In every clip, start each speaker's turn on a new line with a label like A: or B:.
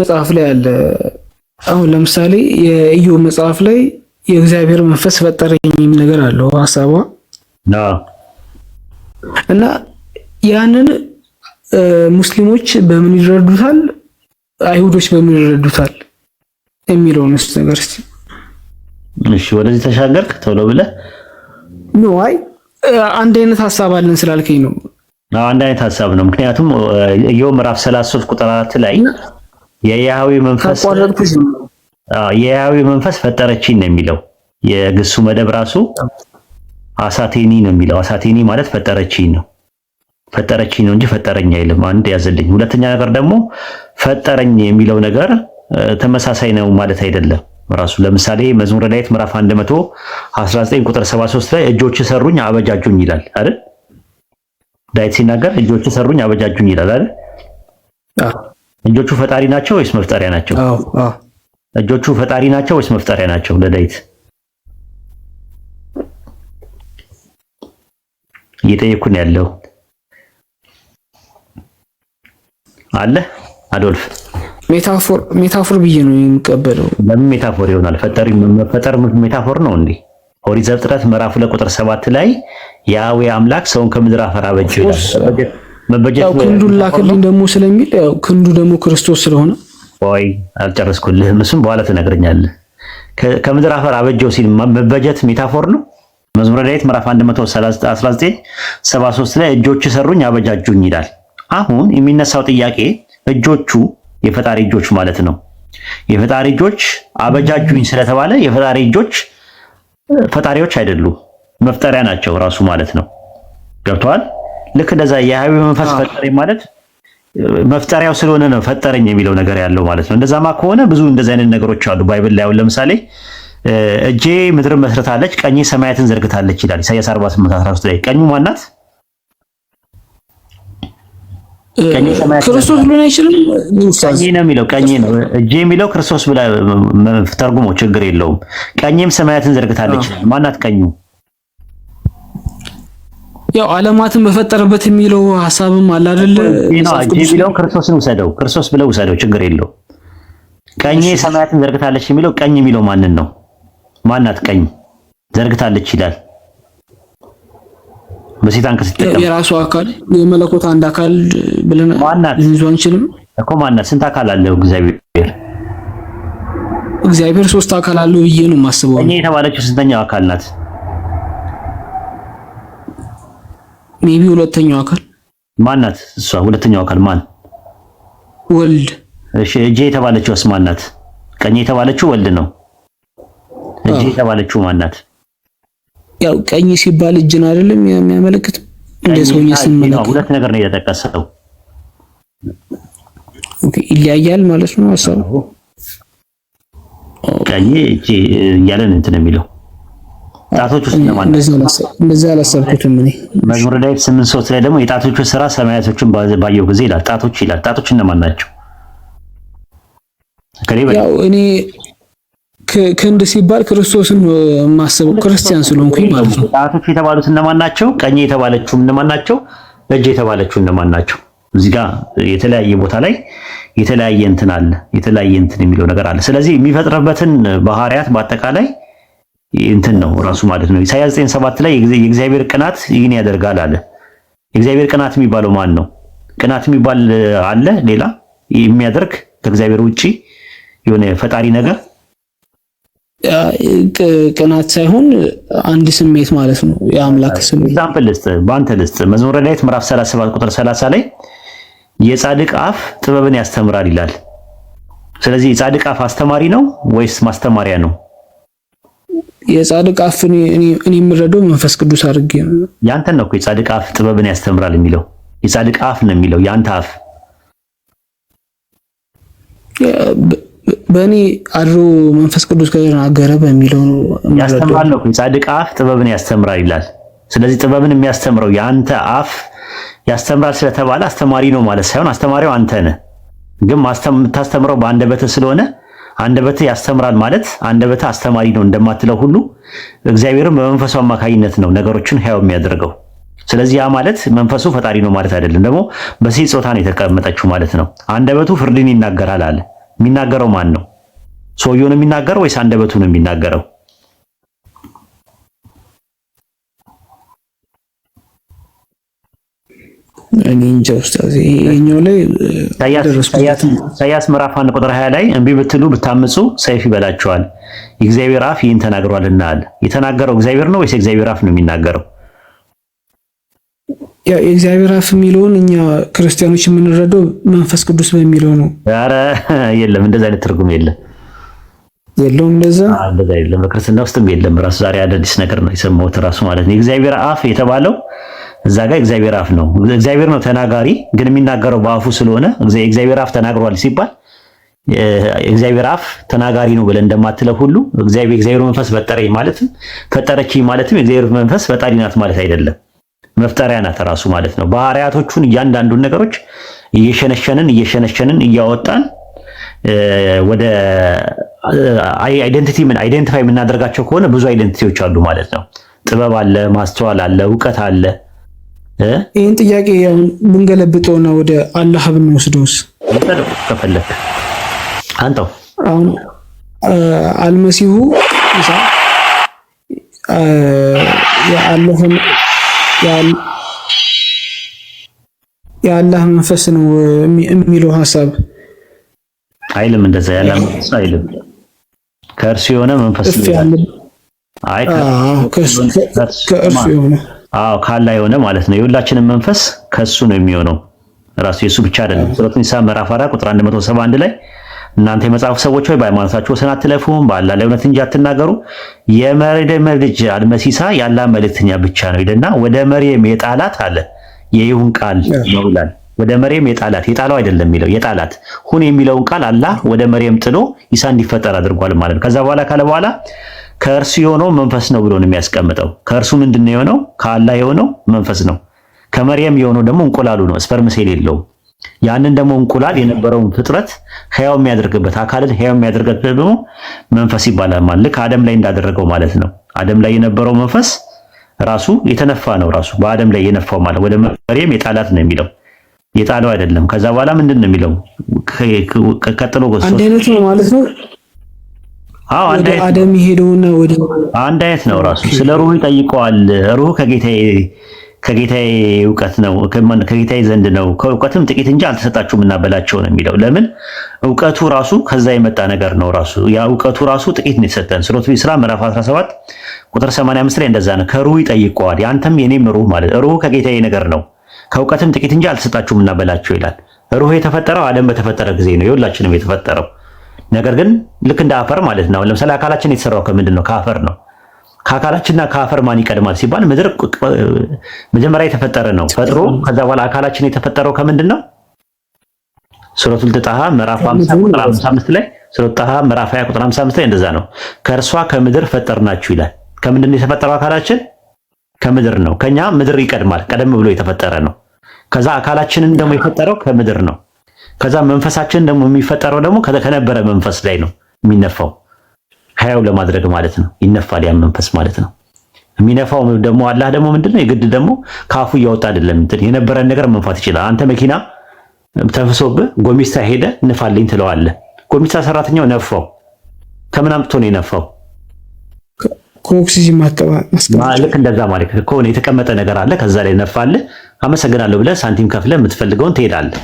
A: መጽሐፍ ላይ አለ። አሁን ለምሳሌ የኢዮብ መጽሐፍ ላይ የእግዚአብሔር መንፈስ ፈጠረኝ የሚል ነገር አለው ሀሳቧ እና ያንን ሙስሊሞች በምን ይረዱታል፣ አይሁዶች በምን ይረዱታል የሚለውን ስ ነገር እስቲ
B: እሺ፣ ወደዚህ ተሻገርክ ቶሎ ብለህ
A: ኖ፣ አይ አንድ አይነት ሀሳብ አለን ስላልከኝ ነው።
B: አንድ አይነት ሀሳብ ነው። ምክንያቱም ኢዮብ ምዕራፍ 33 ቁጥር 4 ላይ የያዊ መንፈስ የያዊ መንፈስ ፈጠረችኝ ነው የሚለው። የግሱ መደብ ራሱ አሳቴኒ ነው የሚለው። አሳቴኒ ማለት ፈጠረችኝ ነው። ፈጠረችኝ ነው እንጂ ፈጠረኝ አይልም። አንድ ያዘልኝ። ሁለተኛ ነገር ደግሞ ፈጠረኝ የሚለው ነገር ተመሳሳይ ነው ማለት አይደለም። ራሱ ለምሳሌ መዝሙረ ዳዊት ምዕራፍ 119 ቁጥር 73 ላይ እጆች ሰሩኝ አበጃጁኝ ይላል አይደል? ዳዊት ሲናገር እጆች ሰሩኝ አበጃጁኝ ይላል አይደል? እጆቹ ፈጣሪ ናቸው ወይስ መፍጠሪያ ናቸው? እጆቹ ፈጣሪ ናቸው ወይስ መፍጠሪያ ናቸው? ለዳዊት እየጠየኩን ያለው አለ አዶልፍ
A: ሜታፎር ሜታፎር ብዬ ነው የሚቀበለው።
B: ለምን ሜታፎር ይሆናል? ፈጠሪ መፈጠር ሜታፎር ነው እንዴ? ኦሪት ዘፍጥረት ምዕራፍ ሁለት ቁጥር ሰባት ላይ የአዌ አምላክ ሰውን ከምድር አፈር አበጀው ይላል።
A: ያው ክንዱን ላክልኝ ደግሞ ስለሚል ያው ክንዱ ደግሞ ክርስቶስ ስለሆነ
B: ወይ አልጨረስኩልህም። እሱም በኋላ ትነግረኛለህ። ከምድር አፈር አበጀው ሲል መበጀት ሜታፎር ነው። መዝሙረ ዳዊት ምዕራፍ 119 73 ላይ እጆች ሰሩኝ አበጃጁኝ ይላል። አሁን የሚነሳው ጥያቄ እጆቹ የፈጣሪ እጆች ማለት ነው። የፈጣሪ እጆች አበጃጁኝ ስለተባለ የፈጣሪ እጆች ፈጣሪዎች አይደሉም፣ መፍጠሪያ ናቸው ራሱ ማለት ነው። ገብተዋል። ልክ እንደዛ የሀይዌ መንፈስ ፈጠረኝ ማለት መፍጠሪያው ስለሆነ ነው ፈጠረኝ የሚለው ነገር ያለው ማለት ነው። እንደዛማ ከሆነ ብዙ እንደዚህ አይነት ነገሮች አሉ ባይብል ላይ። አሁን ለምሳሌ እጄ ምድርን መስርታለች፣ ቀኝ ሰማያትን ዘርግታለች ይላል ኢሳያስ 48 13 ላይ። ቀኙ ማናት?
A: ክርስቶስ ሊሆን አይችልም።
B: ቀኝ ነው የሚለው ቀኝ ነው እጄ የሚለው ክርስቶስ ብላ ተርጉሞ ችግር የለውም። ቀኝም ሰማያትን ዘርግታለች ማናት ቀኙ?
A: ያው ዓለማትን በፈጠረበት የሚለው ሀሳብም አለ አይደል?
B: የሚለውን ክርስቶስን ውሰደው፣ ክርስቶስ ብለው ውሰደው፣ ችግር የለው። ቀኝ ሰማያትን ዘርግታለች የሚለው ቀኝ የሚለው ማንን ነው? ማናት ቀኝ ዘርግታለች ይላል። በሴት አንቀጽ
A: የራሱ አካል የመለኮት አንድ አካል ብለን ማናት ልንይዘው አንችልም
B: እኮ። ማናት ስንት አካል አለው እግዚአብሔር?
A: እግዚአብሔር ሶስት አካል አለው ብዬ ነው የማስበው።
B: እኔ የተባለችው ስንተኛው አካል ናት?
A: ሜቢ ሁለተኛው አካል
B: ማናት? እሷ ሁለተኛው አካል ማን? ወልድ። እሺ እጄ የተባለችው ማናት? ቀኝ የተባለችው ወልድ ነው። እጄ የተባለችው ማናት?
A: ያው ቀኝ ሲባል እጅን አይደለም የሚያመለክት
B: እንደ ሰውኛ ስንመለከት ሁለት ነገር ነው የተጠቀሰው።
A: ኦኬ ይለያያል ማለት ነው ሰው
B: ቀኝ እጄ እያለን እንትን የሚለው ጣቶች ውስጥ ነው ማለት
A: ነው። እንደዛ አላሰብኩትም እኔ።
B: መዝሙረ ዳዊት ስምንት ሶስት ላይ ደግሞ የጣቶቹ ስራ ሰማያቶችን ባየው ጊዜ ይላል። ጣቶች ይላል። ጣቶች እነማን ናቸው?
A: ያው እኔ ክንድ ሲባል ክርስቶስን ማሰበው ክርስቲያን ስለሆንኩኝ ማለት ነው።
B: ጣቶቹ የተባሉት እነማን ናቸው? ቀኝ የተባለችው እነማን ናቸው? እጅ የተባለችው እነማን ናቸው? እዚህ ጋር የተለያየ ቦታ ላይ የተለያየ እንትን አለ። የተለያየ እንትን የሚለው ነገር አለ። ስለዚህ የሚፈጥርበትን ባህሪያት በአጠቃላይ እንትን ነው ራሱ ማለት ነው። ኢሳያስ 9:7 ላይ የእግዚአብሔር ቅናት ይህን ያደርጋል አለ። የእግዚአብሔር ቅናት የሚባለው ማን ነው? ቅናት የሚባል አለ ሌላ የሚያደርግ ከእግዚአብሔር ውጪ የሆነ ፈጣሪ ነገር
A: ቅናት ሳይሆን አንድ ስሜት ማለት ነው።
B: የአምላክ ስሜት ኤግዛምፕል ልስጥ፣ በአንተ ልስጥ። መዝሙረ ዳዊት ምዕራፍ 37 ቁጥር 30 ላይ የጻድቅ አፍ ጥበብን ያስተምራል ይላል። ስለዚህ የጻድቅ አፍ አስተማሪ ነው ወይስ ማስተማሪያ ነው?
A: የጻድቅ አፍ እኔ የምረዳው መንፈስ ቅዱስ አድርጌ ነው።
B: ያንተን ነው እኮ የጻድቅ አፍ ጥበብን ያስተምራል የሚለው የጻድቅ አፍ ነው የሚለው ያንተ አፍ
A: በእኔ አድሮ መንፈስ ቅዱስ ከተናገረ በሚለው
B: ያስተምራል ነው። የጻድቅ አፍ ጥበብን ያስተምራል ይላል። ስለዚህ ጥበብን የሚያስተምረው የአንተ አፍ ያስተምራል ስለተባለ አስተማሪ ነው ማለት ሳይሆን አስተማሪው አንተ ነህ። ግን የምታስተምረው በአንደበትህ ስለሆነ በተ ያስተምራል ማለት በተ አስተማሪ ነው እንደማትለው ሁሉ እግዚአብሔርን በመንፈሱ አማካኝነት ነው ነገሮችን ሕያው የሚያደርገው። ስለዚህ ያ ማለት መንፈሱ ፈጣሪ ነው ማለት አይደለም። ደግሞ በሴት ጾታ ነው የተቀመጠችው ማለት ነው። አንደበቱ ፍርድን ይናገራል አለ። የሚናገረው ማን ነው? ሰውየው ነው የሚናገረው ወይስ አንደበቱ ነው የሚናገረው?
A: እኔ እንጃ ኡስታዝ፣ ይሄኛው ላይ
B: ኢሳያስ ምዕራፍ አንድ ቁጥር 20 ላይ እንቢ ብትሉ ብታምፁ ሰይፍ ይበላችኋል የእግዚአብሔር አፍ ይህን ተናግሯልና አለ። የተናገረው እግዚአብሔር ነው ወይስ የእግዚአብሔር አፍ ነው የሚናገረው?
A: ያው የእግዚአብሔር አፍ የሚለውን እኛ ክርስቲያኖች የምንረዳው መንፈስ ቅዱስ በሚለው ነው።
B: ኧረ የለም፣ እንደዛ አይነት ትርጉም የለም። የለውም እንደዛ እንደዛ የለም። በክርስትና ውስጥም የለም። ራሱ ዛሬ አዳዲስ ነገር ነው የሰማሁት ራሱ ማለት ነው። የእግዚአብሔር አፍ የተባለው እዛ ጋር እግዚአብሔር አፍ ነው። እግዚአብሔር ነው ተናጋሪ፣ ግን የሚናገረው በአፉ ስለሆነ እግዚአብሔር አፍ ተናግሯል ሲባል እግዚአብሔር አፍ ተናጋሪ ነው ብለን እንደማትለው ሁሉ እግዚአብሔር መንፈስ ፈጠረኝ ማለትም ፈጠረችኝ ማለትም እግዚአብሔር መንፈስ ፈጣሪ ናት ማለት አይደለም። መፍጠሪያ ናት ራሱ ማለት ነው። ባህሪያቶቹን እያንዳንዱን ነገሮች እየሸነሸንን እየሸነሸንን እያወጣን ወደ አይደንቲቲ ምን አይደንቲፋይ የምናደርጋቸው ከሆነ ብዙ አይደንቲቲዎች አሉ ማለት ነው። ጥበብ አለ፣ ማስተዋል አለ፣ እውቀት አለ
A: ይህን ጥያቄ ያሁን ብንገለብጠውና ወደ አላህ ብንወስደውስ
B: ይሰደው ከፈለክ አንተው
A: አሁን አልመሲሁ ኢሳ የአላህን የአላህ መንፈስ ነው የሚለው ሀሳብ
B: አይልም። እንደዛ ያለ መንፈስ አይልም። ከእርሱ የሆነ መንፈስ
A: ከእርሱ የሆነ
B: አዎ ካላ የሆነ ማለት ነው። የሁላችንም መንፈስ ከሱ ነው የሚሆነው ራሱ የሱ ብቻ አይደለም። ሱረቱ ኒሳ ምዕራፍ 4 ቁጥር 171 ላይ እናንተ የመጽሐፍ ሰዎች ሆይ በሃይማኖታችሁ ወሰን አትለፉም፣ በአላህ ላይ እውነት እንጂ አትናገሩ። የመርየም ልጅ አልመሲሳ ያላ መልእክተኛ ብቻ ነው ይልና ወደ መርየም የጣላት አለ የይሁን ቃል ነው ይላል። ወደ መርየም የጣላት የጣለው አይደለም የሚለው የጣላት ሁን የሚለውን ቃል አላህ ወደ መርየም ጥሎ ኢሳ እንዲፈጠር አድርጓል ማለት ነው። ከዛ በኋላ ካለ በኋላ ከእርሱ የሆነው መንፈስ ነው ብሎ ነው የሚያስቀምጠው። ከእርሱ ምንድን ነው የሆነው? ከአላህ የሆነው መንፈስ ነው። ከመርየም የሆነው ደግሞ እንቁላሉ ነው፣ ስፐርም ሴል የለውም። ያንን ደግሞ እንቁላል የነበረውን ፍጥረት ሕያው የሚያደርግበት አካልን ሕያው የሚያደርግበት ደግሞ መንፈስ ይባላል። ማለት ልክ አደም ላይ እንዳደረገው ማለት ነው። አደም ላይ የነበረው መንፈስ ራሱ የተነፋ ነው። ራሱ በአደም ላይ የነፋው ማለት ወደ መርየም የጣላት ነው የሚለው የጣለው አይደለም። ከዛ በኋላ ምንድን ነው የሚለው
A: ቀጥሎ ነው ማለት ነው አዎ አንድ አይነት አደም ይሄደውና ወደ
B: አንድ አይነት ነው ራሱ ስለ ሩህ ይጠይቀዋል። ሩህ ከጌታዬ ከጌታዬ እውቀት ነው ከማን ከጌታዬ ዘንድ ነው ከእውቀትም ጥቂት እንጂ አልተሰጣችሁም እና በላቸው ነው የሚለው። ለምን እውቀቱ ራሱ ከዛ የመጣ ነገር ነው። ራሱ ያ እውቀቱ ራሱ ጥቂት ነው የተሰጠን። ሱረቱል ኢስራ ምዕራፍ 17 ቁጥር 85 ላይ እንደዛ ነው። ከሩህ ይጠይቀዋል። ያንተም የኔም ሩህ ማለት ሩህ ከጌታዬ ነገር ነው ከእውቀትም ጥቂት እንጂ አልተሰጣችሁም እና በላቸው ይላል። ሩህ የተፈጠረው አደም በተፈጠረ ጊዜ ነው የሁላችንም የተፈጠረው ነገር ግን ልክ እንደ አፈር ማለት ነው። ለምሳሌ አካላችን የተሰራው ከምንድን ነው? ከአፈር ነው። ከአካላችንና ከአፈር ማን ይቀድማል ሲባል ምድር መጀመሪያ የተፈጠረ ነው ፈጥሮ። ከዛ በኋላ አካላችን የተፈጠረው ከምንድን ነው? ሱረቱል ጣሃ ምዕራፍ 50 ቁጥር 55 ላይ ሱረቱል ጣሃ ምዕራፍ 20 ቁጥር 55 ላይ እንደዛ ነው። ከእርሷ ከምድር ፈጠርናችሁ ይላል። ከምንድን ነው የተፈጠረው? አካላችን ከምድር ነው። ከኛ ምድር ይቀድማል። ቀደም ብሎ የተፈጠረ ነው። ከዛ አካላችንን ደግሞ የፈጠረው ከምድር ነው። ከዛ መንፈሳችን ደግሞ የሚፈጠረው ደግሞ ከነበረ መንፈስ ላይ ነው የሚነፋው ህያው ለማድረግ ማለት ነው። ይነፋል ያ መንፈስ ማለት ነው። የሚነፋው ደግሞ አላህ ደግሞ ምንድነው የግድ ደግሞ ካፉ እያወጣ አይደለም የነበረን ነገር መንፋት ይችላል። አንተ መኪና ተፍሶብ ጎሚስታ ሄደ ንፋልኝ ትለዋለህ። ጎሚስታ ሰራተኛው ነፋው። ከምን አምጥቶ ነው የነፋው? ከኦክሲጂን ልክ እንደዛ ማለት ከሆነ የተቀመጠ ነገር አለ። ከዛ ላይ ነፋልህ። አመሰግናለሁ ብለህ ሳንቲም ከፍለህ የምትፈልገውን ትሄዳለህ።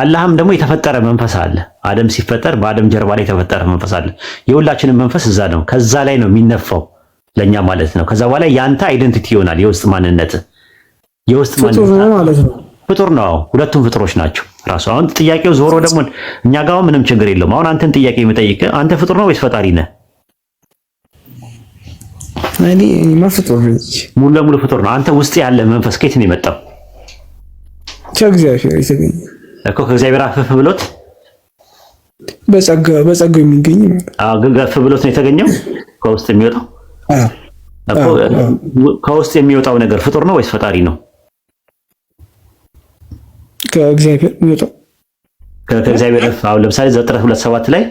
B: አላህም ደግሞ የተፈጠረ መንፈስ አለ። አደም ሲፈጠር በአደም ጀርባ ላይ የተፈጠረ መንፈስ አለ። የሁላችንም መንፈስ እዛ ነው፣ ከዛ ላይ ነው የሚነፋው ለኛ ማለት ነው። ከዛ በኋላ ያንተ አይደንቲቲ ይሆናል፣ የውስጥ ማንነት፣ የውስጥ ማንነት ፍጡር ነው። ሁለቱም ፍጡሮች ናቸው። ራሱ አሁን ጥያቄው ዞሮ ደግሞ እኛ ጋር ምንም ችግር የለውም። አሁን አንተን ጥያቄ የሚጠይቅ አንተ ፍጡር ነው ወይስ ፈጣሪ ነህ? ሙሉ ለሙሉ ፍጡር ነው። አንተ ውስጥ ያለ መንፈስ ከየት ነው የመጣው?
A: ከእግዚአብሔር የተገኘ
B: እኮ ከእግዚአብሔር አፈፍ ብሎት
A: በጸጋ በጸጋው የሚገኝ
B: ግን ገፍ ብሎት ነው የተገኘው። ከውስጥ የሚወጣው ከውስጥ የሚወጣው ነገር ፍጡር ነው ወይስ ፈጣሪ ነው?
A: ከእግዚአብሔር የሚወጣው
B: ከእግዚአብሔር አሁን ለምሳሌ ዘፍጥረት ሁለት ሰባት ላይ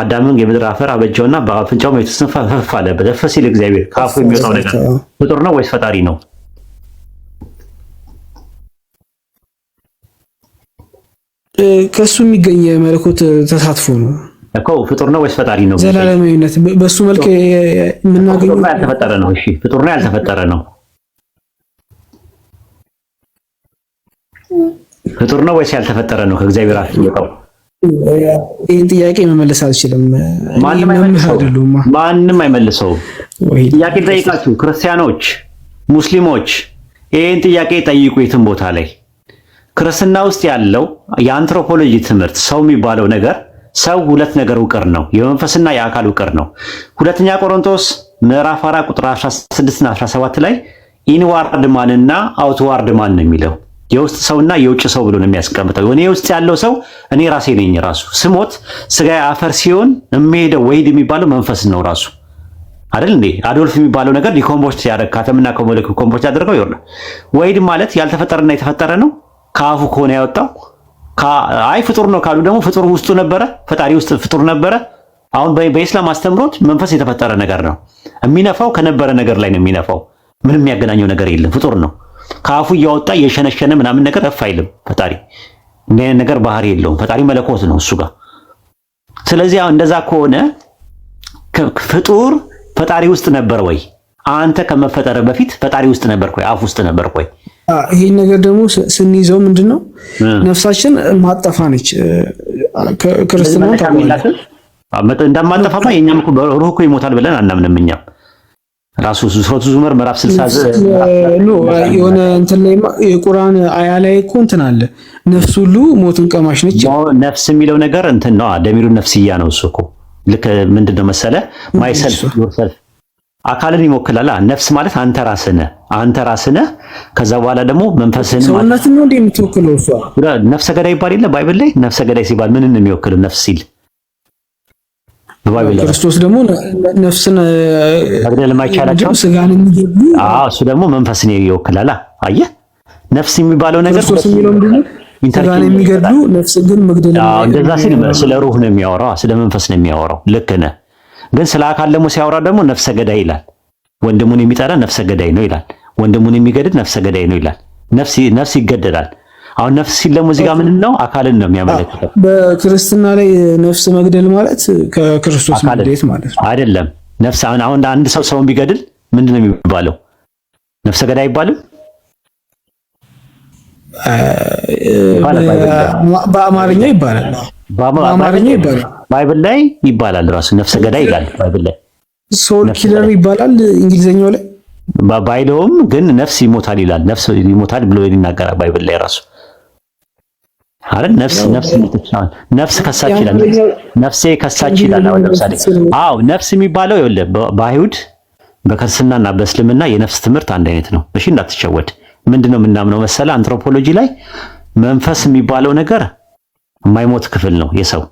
B: አዳምን የምድር አፈር አበጀውና በአፍንጫው መቱስንፋ ፈፍ አለበት። ፈፍ ሲል እግዚአብሔር ከአፉ የሚወጣው ነገር ፍጡር ነው ወይስ ፈጣሪ ነው?
A: ከእሱ የሚገኝ መለኮት ተሳትፎ ነው
B: እኮ። ፍጡር ነው ወይስ ፈጣሪ ነው?
A: ዘላለማዊነት በእሱ መልክ የምናገኘው
B: ያልተፈጠረ ነው። እሺ ፍጡር ነው ያልተፈጠረ ነው? ፍጡር ነው ወይስ ያልተፈጠረ ነው? ከእግዚአብሔር አፍ ይወጣው።
A: ይህን ጥያቄ መመለስ አልችልም።
B: ማንም አይመልሰው። ጥያቄ ጠይቃችሁ ክርስቲያኖች፣ ሙስሊሞች ይህን ጥያቄ ጠይቁ የትም ቦታ ላይ ክርስትና ውስጥ ያለው የአንትሮፖሎጂ ትምህርት ሰው የሚባለው ነገር ሰው ሁለት ነገር ውቅር ነው፣ የመንፈስና የአካል ውቅር ነው። ሁለተኛ ቆሮንቶስ ምዕራፍ 4 ቁጥር 16 እና 17 ላይ ኢንዋርድ ማንና አውትዋርድ ማን ነው የሚለው የውስጥ ሰውና የውጭ ሰው ብሎ ነው የሚያስቀምጠው። እኔ ውስጥ ያለው ሰው እኔ ራሴ ነኝ። ራሱ ስሞት ስጋ አፈር ሲሆን የሚሄደው ወሂድ የሚባለው መንፈስ ነው ራሱ አይደል እንዴ? አዶልፍ የሚባለው ነገር ዲኮምፖስት ሲያደርግ ካተምና ኮሞሌክ ኮምፖስት ያደርገው ይሆናል። ወሂድ ማለት ያልተፈጠረና የተፈጠረ ነው። ከአፉ ከሆነ ያወጣው አይ ፍጡር ነው ካሉ ደግሞ ፍጡር ውስጡ ነበረ፣ ፈጣሪ ውስጥ ፍጡር ነበረ። አሁን በኢስላም አስተምሮት መንፈስ የተፈጠረ ነገር ነው የሚነፋው፣ ከነበረ ነገር ላይ ነው የሚነፋው። ምንም የሚያገናኘው ነገር የለም። ፍጡር ነው ከአፉ እያወጣ የሸነሸነ ምናምን ነገር እፍ አይልም ፈጣሪ። እንደ ነገር ባህሪ የለውም ፈጣሪ መለኮት ነው እሱ ጋር። ስለዚህ እንደዛ ከሆነ ፍጡር ፈጣሪ ውስጥ ነበር ወይ? አንተ ከመፈጠረ በፊት ፈጣሪ ውስጥ ነበርክ ወይ? አፍ ውስጥ ነበርክ ወይ?
A: ይሄን ነገር ደግሞ ስንይዘው ምንድን ነው ነፍሳችን ማጠፋ ነች። ክርስትና
B: እንደማጠፋማ የኛም እኮ ሩህ እኮ ይሞታል ብለን አናምንም። እኛም ራሱ ሱረቱ ዙመር ምዕራፍ ስልሳ
A: የሆነ እንትን ላይ የቁርአን አያ ላይ እኮ እንትን አለ ነፍስ ሁሉ ሞትን ቀማሽ ነች።
B: ነፍስ የሚለው ነገር እንትን ነው፣ ደሚሩ ነፍስያ ነው እሱ እኮ ልክ ምንድን ነው መሰለ ማይሰልፍ አካልን ይሞክላል። ነፍስ ማለት አንተ ራስህ ነህ፣ አንተ ራስህ ነህ። ከዛ በኋላ ደግሞ መንፈስህን
A: ሰውነት ነው እንዴ የምትወክለው? እሷ
B: ነፍሰ ገዳይ ይባል የለ ባይብል ላይ ነፍሰ ገዳይ ሲባል ምንን ነው የሚወክለው? ነፍስ ሲል
A: በባይብል ክርስቶስ ደግሞ ነፍስን
B: መግደል የማይቻላቸው ስጋን የሚገቡ አዎ፣ እሱ ደግሞ መንፈስን ይወክላል። አየ ነፍስ የሚባለው ነገር ክርስቶስ የሚለው
A: ምንድነው? ስጋን የሚገድሉ ነፍስ ግን
B: መግደል አዎ፣ እንደዛ ሲል ስለ ሩህ ነው የሚያወራው፣ ስለ መንፈስ ነው የሚያወራው። ልክ ነህ ግን ስለ አካል ደግሞ ሲያወራ ደግሞ ነፍሰ ገዳይ ይላል። ወንድሙን የሚጠላ ነፍሰ ገዳይ ነው ይላል። ወንድሙን የሚገድል ነፍሰ ገዳይ ነው ይላል። ነፍስ ነፍስ ይገደላል። አሁን ነፍስ ሲል ደግሞ እዚህ ጋር ምንድን ነው? አካልን ነው የሚያመለክተው።
A: በክርስትና ላይ ነፍስ መግደል ማለት ከክርስቶስ መግደል
B: ማለት ነው አይደለም። ነፍስ አሁን አሁን አንድ ሰው ሰውን ቢገድል ምንድን ነው የሚባለው? ነፍሰ ገዳይ አይባልም።
A: በአማርኛ ይባላል።
B: በአማርኛ ይባላል፣ ባይብል ላይ ይባላል። ራሱ ነፍሰ ገዳይ ይላል ባይብል ላይ።
A: ሶል ኪለር ይባላል እንግሊዘኛው ላይ
B: ባይለውም፣ ግን ነፍስ ይሞታል ይላል። ነፍስ ይሞታል ብሎ ይናገራል ባይብል ላይ ራሱ አይደል ነፍስ ነፍስ ይሞታል፣ ነፍስ ከሳች ይላል። ነፍሴ ከሳች ይላል። አሁን ለምሳሌ አዎ ነፍስ የሚባለው ይኸውልህ በአይሁድ በክርስትናና በእስልምና የነፍስ ትምህርት አንድ አይነት ነው። እሺ እንዳትሸወድ። ምንድነው የምናምነው መሰለ አንትሮፖሎጂ ላይ መንፈስ የሚባለው ነገር የማይሞት ክፍል ነው የሰው